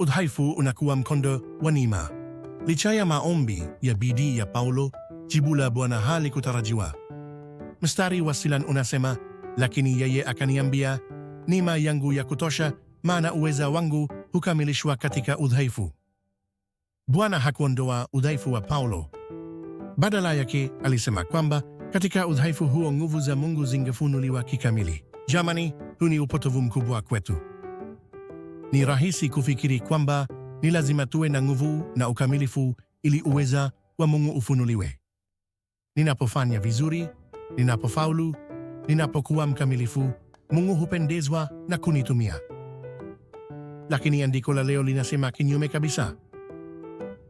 udhaifu unakuwa mkondo wa neema. Licha ya maombi ya bidii ya Paulo, jibu la Bwana halikutarajiwa. Mstari wa silan unasema, lakini yeye akaniambia, neema yangu ya kutosha, maana uweza wangu hukamilishwa katika udhaifu. Bwana hakuondoa udhaifu wa Paulo. Badala yake alisema kwamba katika udhaifu huo nguvu za Mungu zingefunuliwa kikamili. Jamani, huu ni upotovu mkubwa kwetu. Ni rahisi kufikiri kwamba ni lazima tuwe na nguvu na ukamilifu ili uweza wa Mungu ufunuliwe. Ninapofanya vizuri, ninapofaulu, ninapokuwa mkamilifu, Mungu hupendezwa na kunitumia. Lakini andiko la leo linasema kinyume kabisa.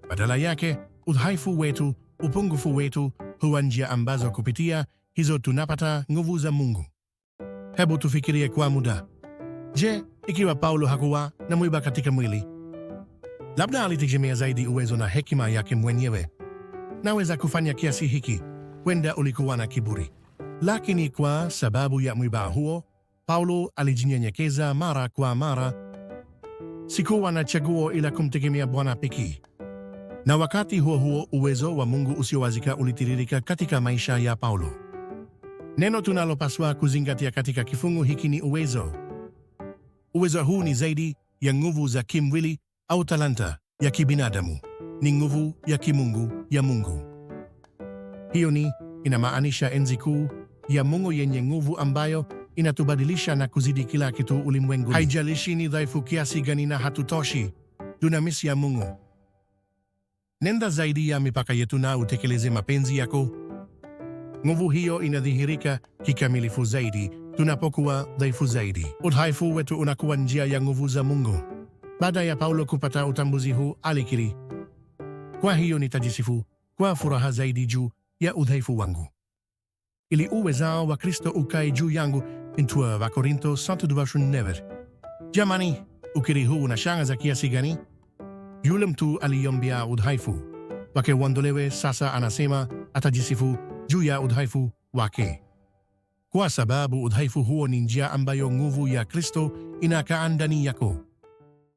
Badala yake, udhaifu wetu, upungufu wetu huwa njia ambazo kupitia hizo tunapata nguvu za Mungu. Hebu tufikirie kwa muda. Je, ikiwa Paulo hakuwa na mwiba katika mwili, labda alitegemea zaidi uwezo na hekima yake mwenyewe. Naweza kufanya kiasi hiki, wenda ulikuwa na kiburi. Lakini kwa sababu ya mwiba huo, Paulo alijinyenyekeza mara kwa mara. Sikuwa na chaguo ila kumtegemea Bwana pekee. Na wakati huo huo uwezo wa Mungu usiowazika ulitiririka katika maisha ya Paulo. Neno tunalopaswa kuzingatia katika kifungu hiki ni uwezo. Uwezo huu ni zaidi ya nguvu za kimwili au talanta ya kibinadamu, ni nguvu ya kimungu ya Mungu. Hiyo ni inamaanisha enzi kuu ya Mungu yenye nguvu ambayo inatubadilisha na kuzidi kila kitu ulimwenguni. Haijalishi ni dhaifu kiasi gani na hatutoshi, dunamisi ya Mungu. Nenda zaidi ya mipaka yetu na utekeleze mapenzi yako. Nguvu hiyo inadhihirika kikamilifu zaidi tunapokuwa dhaifu zaidi. Udhaifu wetu unakuwa njia ya nguvu za Mungu. Baada ya Paulo kupata utambuzi huu, alikiri, kwa hiyo nitajisifu kwa furaha zaidi juu ya udhaifu wangu, ili uwezao wa Kristo ukae juu yangu. Intua wa Korinto satu dubashu never. Jamani, ukiri huu unashangaza kiasi gani? Yule mtu aliyombia udhaifu wake uondolewe, sasa anasema atajisifu juu ya udhaifu wake kwa sababu udhaifu huo ni njia ambayo nguvu ya Kristo inakaa ndani yako.